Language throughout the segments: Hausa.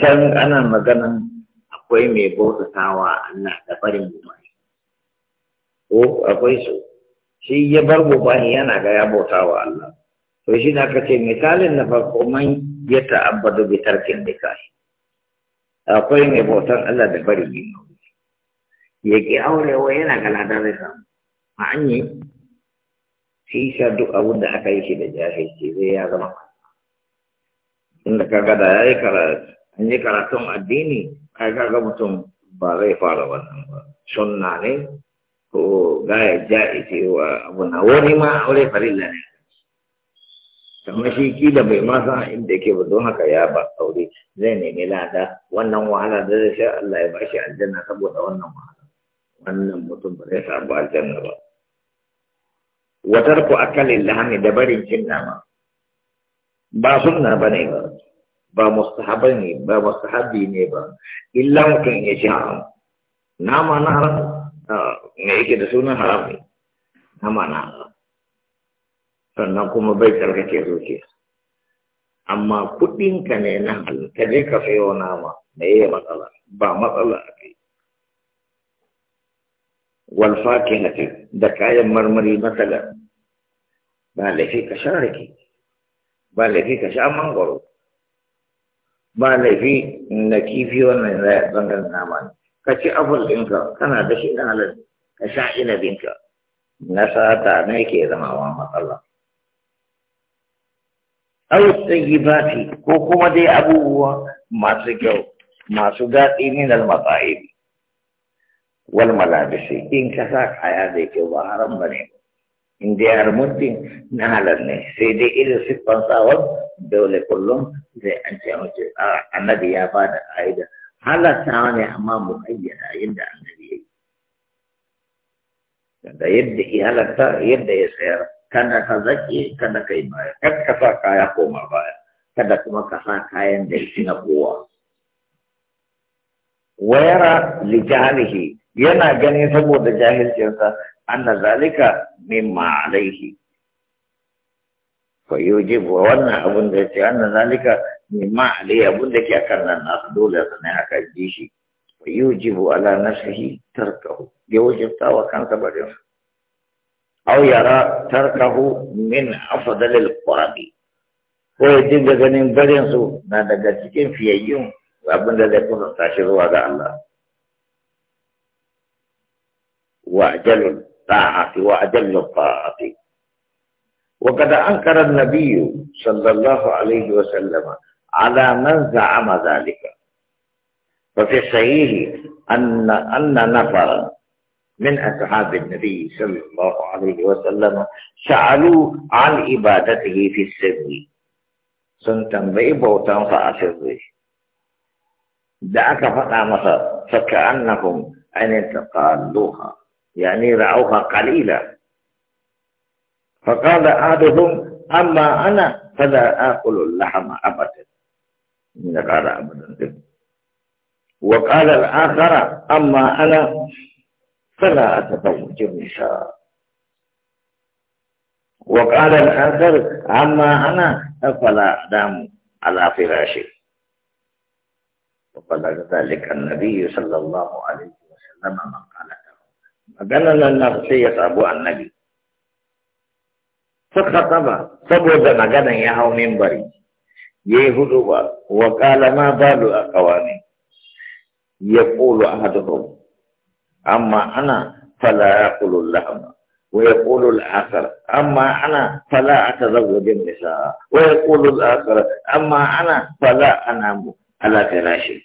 can ana magana akwai mai bautatawa Allah da barin bubani. ko akwai su shi ya bar bubani yana ga ya bautawa Allah to shi da aka ce misalin na farko man ya ta'abbadu bi tarkin nikahi akwai mai bautan Allah da barin bubani. ya ki aurewa yana ga ladan zai samu a an yi shi sa duk abin da aka yi shi da jahilci zai ya zama inda ka da ya yi karatu in yi karatun addini ai kaga mutum ba zai fara wannan ba sunna ne ko gaya ja'i wa abu na wani ma aure farilla ne kamar shi kila bai ma san inda yake ba don haka ya ba aure zai nemi lada wannan wahala da zai sha Allah ya ba shi aljanna saboda wannan wahala wannan mutum ba zai samu aljanna ba watar ku akalin lahani da barin cin nama ba sunna bane ba ba mustahaba ne ba mustahabi ne ba illa mutum ya ci haram nama na haram ah, me yake da sunan haram ne nama na haram sannan kuma bai tsarkake zuke amma kuɗin ka ne na halal ka je ka sayo nama me yi matsala ba matsala a kai wal fakihati da kayan marmari matsala ba laifi ka sha rake ba laifi ka sha mangoro. ba laifi na kifi wannan bangaren nama ne ka ci abul ɗinka kana da shi na halal ka sha inabinka na sata ne ke zama wa matsala au tsayibati ko kuma dai abubuwa masu kyau masu daɗi ne na matsayi wal malabisi in ka sa kaya da kyau ba haram ba ne in dai har muddin na halar ne sai dai irin siffan tsawon. dole kullum zai an ce mace annabi ya ba da ƙa'ida halartawa ne amma mu ayyana yadda annabi ya yi da yadda ya yadda ya sayar kada ka zaƙe kada ka yi baya kada ka sa kaya koma baya kada kuma ka sa kayan da shi na kowa wayara lijalihi yana ganin saboda jahilcinsa anna zalika mimma alaihi فيوجب وانا ابن ذلك ان ذلك مما عليه ابن ذاتي اكرنا له لأصنع كالجيشي فيوجب على نفسه تركه يوجب تاوى كان تبريم او يرى تركه من افضل القرب ويجب لغنين برينسو نادى قتكين في يوم وابن ذلك كنت تاشروا على الله وأجل الطاعة وأجل الطاعة وقد أنكر النبي صلى الله عليه وسلم على من زعم ذلك وفي الصحيح أن أن نفرا من أصحاب النبي صلى الله عليه وسلم سألوا عن عبادته في السر سنتم بيبوتان فأسره دعك فقع مصر فكأنهم أن يتقالوها يعني رعوها قليلا فقال أحدهم أما أنا فلا آكل اللحم أبدا من قال أبدا وقال الآخر أما أنا فلا أتزوج النساء وقال الآخر أما أنا فلا أدام على فراشي وقال ذلك النبي صلى الله عليه وسلم ما قال قالته مجنن النفسية أبو النبي suka saba saboda maganan ya hau mimbari ya yi hudu ba wa kala ma balu a kawani ya kulu a haduhu amma ana fala ya kulu lahama wa ya kulu al'asar amma ana fala a wajen nisa wa ya kulu la'asar. amma ana fala ana mu ala firashi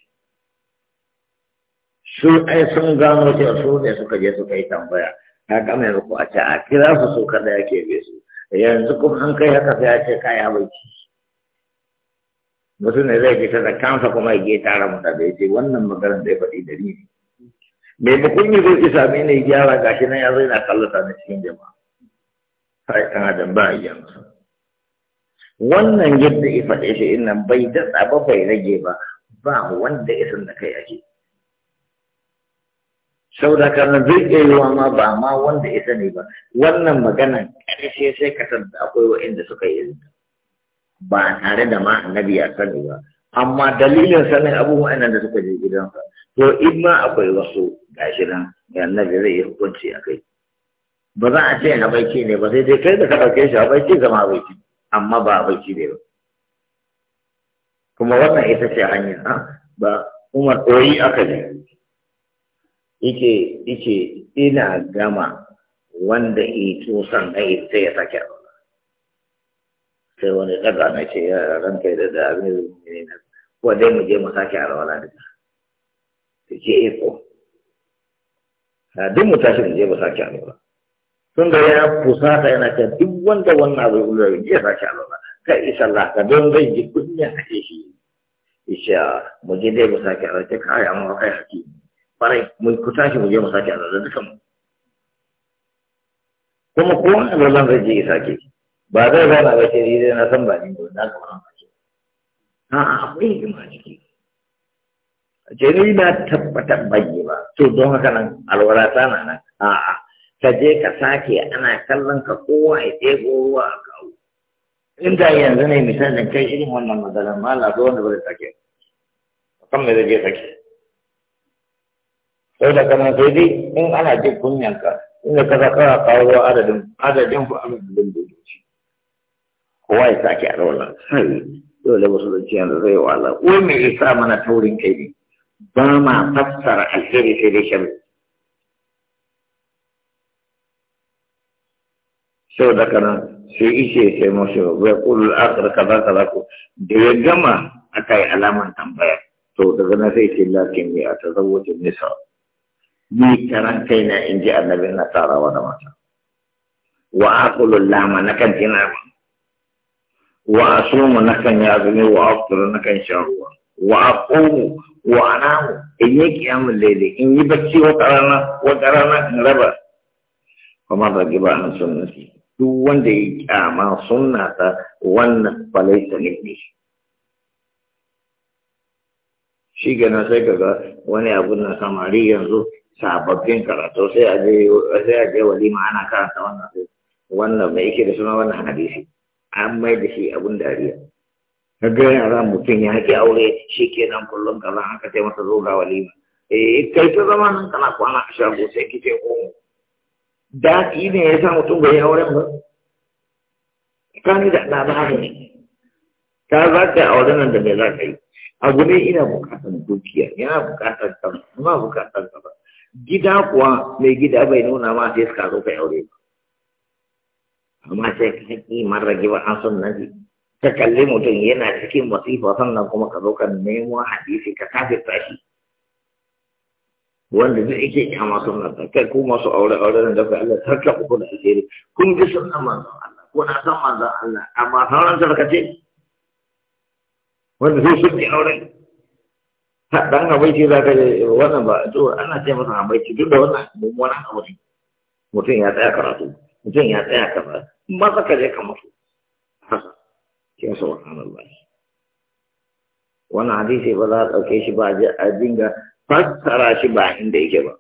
su ai sun gano cewa su ne suka je suka yi tambaya ta mai yanzu a ce a kira su su kada yake bai su yanzu kuma an kai haka sai a ce kaya bai ci mutum ne zai fita da kansa kuma ya ke tara da bai ce wannan maganar da ya faɗi da ni mai kun yi zai isa mai ne gyara gashi nan ya zai na kallata na cikin jama'a sai kan adam ba a yi wannan yadda ya faɗe shi innan bai datsa ba bai rage ba ba wanda ya san da kai ake saboda kana zai iya wa ma ba ma wanda ya sani ba wannan magana ƙarshe sai ka san akwai wa'inda suka yi irin ba tare da ma annabi ya sani ba amma dalilin sanin abubuwan nan da suka je gidansa to in ma akwai wasu gashi nan annabi zai yi hukunci a kai ba za a ce habaici ne ba sai dai kai da ka ɗauke shi habaici zama habaici amma ba habaici ne ba kuma wannan ita ce hanyar ba umar ɗoyi aka ne ike ike ina gama wanda ya tusan na ita ya sake aure sai wani daga na ce ya ranka da da abin ne na ko dai mu je mu sake alwala da ta ce iko eh duk mu tashi mu je mu sake alwala tun da ya fusata yana ce duk wanda wannan abu ya ya sake alwala kai isa laka ka don zai ji kunya a ke shi isha mu je dai mu sake alwala ta kai amma kai hakimi kwarai mun ku tashi mu je mu sake azaza dukan kuma ko a zazan zai je ya sake ba zai zana ba ce zai na san ba ni ba na kamar ba ce a'a akwai hikima ciki ni na tabbatar bayi ba to don haka nan alwala ta na nan a'a ka je ka sake ana kallon ka kowa ya ɗebo ruwa a kawo inda yanzu ne misalin kai irin wannan matsalar ma lafi wanda ba zai sake kan me zai je sake sau da kanan sai dai in ana jin kunyanka inda ka za kawo kawo adadin adadin fa da dokoki kowa ya sake a rawar sai dole wasu da ciyar da zai wala wai me isa mana taurin kai ne ba ma fassara alheri sai dai shan sau da kana sai ishe sai masu bai kulul akhir kaza kaza ko da ya gama aka yi alaman tambaya to daga na sai ce lakin ya tazawwajin nisa ni karan na in ji annabi na wa da mata wa aqulu lama nakan jina nama wa asumu nakan ya azumi wa aftaru nakan sha ruwa wa aqumu wa anamu in yi kiyamu layli in yi bacci wa karana wa karana in raba kuma ba giba an sunnati duk wanda ya kyama sunna ta wannan falaita ne shi gana sai kaga wani abu na samari yanzu sababbin karatu sai a je sai a je walima ana karanta wannan sai wannan mai yake da suna wannan hadisi an mai da shi abun dariya kaga ran mutum ya haƙi aure shi nan kullum kaza aka ce masa zo ga walima eh kai ta zama nan kana kwana a shago sai kike da ki ne ya sa mutum bai auren ba kani da ba ne ka za ka yi auren nan da me za ka yi abu ne ina bukatar dukiya Ina bukatar kan ina bukatar kaza gida kuwa mai gida bai nuna ma sai suka zo kai aure amma sai ka haƙi rage ba an son naji. ka kalli mutum yana cikin masifa sannan kuma ka zo ka nemo hadisi ka kafe tashi wanda zai ike kyama sunan ta kai ko masu aure aure da dafa Allah sarka uku da alheri kun ji sunan manzo Allah ko na san manzo Allah amma sauran sarkace wanda zai sun aure dan habaici za ka wannan ba to ana ce masa habaici duk da wannan mummunan abu ne mutum ya tsaya karatu mutum ya tsaya kaza maza ka je ka mutu haka ke subhanallah wannan hadisi ba za a ɗauke shi ba a dinga fassara shi ba inda yake ba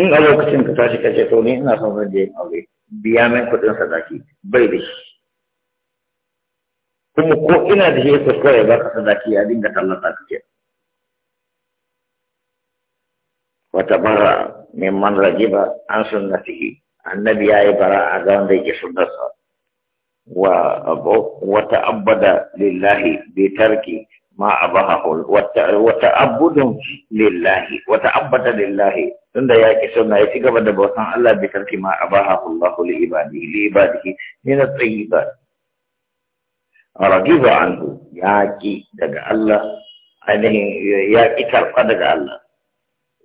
in a lokacin ka tashi ka ce to ni ina son zan je aure biya min kuɗin sadaki bai da shi kuma ko ina da shi kuskure ba ka sadaki ya dinga tallata ka ce wata bara man rajiba an fihi annabi ya yi bara a ga wanda yake sa wa wata abada lillahi bi tarki ma abahahu wata ta'abbudu lillahi wata abada lillahi tunda ya ki sunna ya ci gaba da bautan Allah bi tarki ma abahahu Allah li ibadihi li ibadihi min at-tayyibat رجيبا عنه ياكي دقى الله عليهم ياكي ترقى دقى الله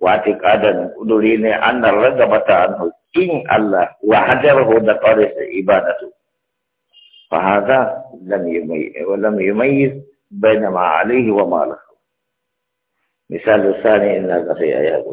واتقادا قدرين أن الرغبة عنه إن الله وحجره دقارس إبادته فهذا لم يميز ولم يميز بين ما عليه وما له مثال الثاني إن هذا في آيات